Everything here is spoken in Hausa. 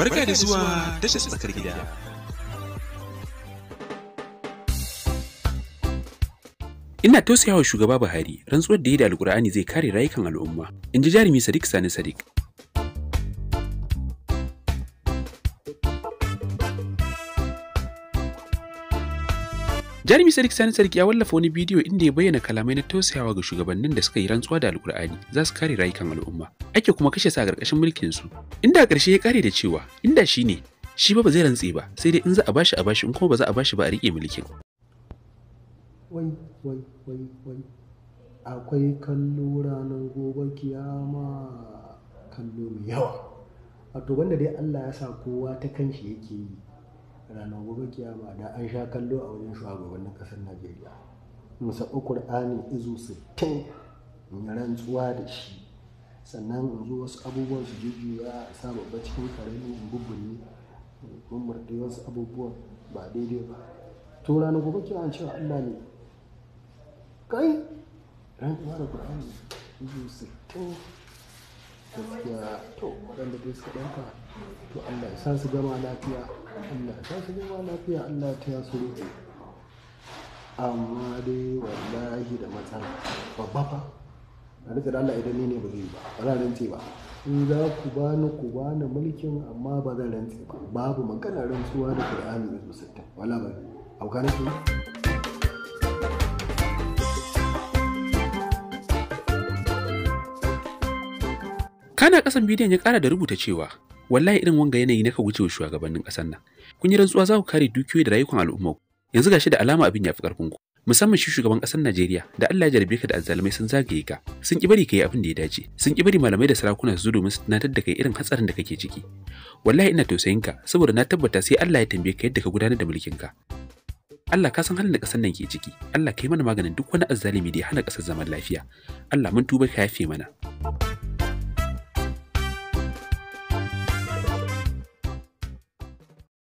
Barka da zuwa tashar tsakar gida. Ina tausayawa shugaba Buhari rantsuwar da yi da Alƙur'ani zai kare rayukan al'umma, in ji jarumi Sadiq Sani Sadiq. Jarumi Sadiq Sani Sadiq ya wallafa wani bidiyo inda ya bayyana kalamai na tausayawa ga shugabannin da suka yi rantsuwa da Alkur'ani za su kare rayukan al'umma. Ake kuma kashe sa ƙarƙashin mulkin su. Inda a ƙarshe ya kare da cewa inda shi ne shi ba zai rantse ba sai dai in za a bashi a bashi in kuma ba za a bashi ba a riƙe mulkin. Wai wai wai wai akwai kallo ranar gobe kiyama kallo mai yawa. Wato wanda dai Allah ya sa kowa ta kanshi yake yi ranar gobe kiyama da an sha kallo a wajen shugabannin kasar najeriya musaɓi qur'ani izu 60 in rantsuwa da shi sannan in zo wasu abubuwan su jujjuya a sa babba cikin karami in bubbuni in murɗe wasu abubuwan ba daidai ba to ranar gobe kiyama cewa allah ne kai rantsuwa da qur'ani izu 60 gaskiya to waɗanda dai suka ɗauka to allah ya sa su gama lafiya Allah ta su ma lafiya Allah ta ya su amma dai wallahi da matsala babba fa a rika Allah idan ni ne ba zai ba ba za rance ba in za ku bani ku bani mulkin amma ba zan rantse ba babu magana rantsuwa da Qur'ani mai zo wala ba auka kana kasan bidiyon ya kara da rubuta cewa wallahi irin wanga yanayi na ka wa shugabannin ƙasar nan kun yi rantsuwa za ku kare dukiyoyi da rayukan al'umma yanzu gashi da alama abin ya fi ƙarfin ku musamman shi shugaban ƙasar Najeriya da Allah ya jarbe ka da azzalumai sun zagaye ka sun ki bari kai abin da ya dace sun ki bari malamai da sarakuna su domin su tunatar da kai irin hatsarin da kake ciki wallahi ina tausayin ka saboda na tabbata sai Allah ya tambaye ka yadda ka gudanar da mulkin ka Allah ka san halin da ƙasar nan ke ciki Allah kai mana maganin duk wani azzalumi da ya hana ƙasar zaman lafiya Allah mun tuba ka yafe mana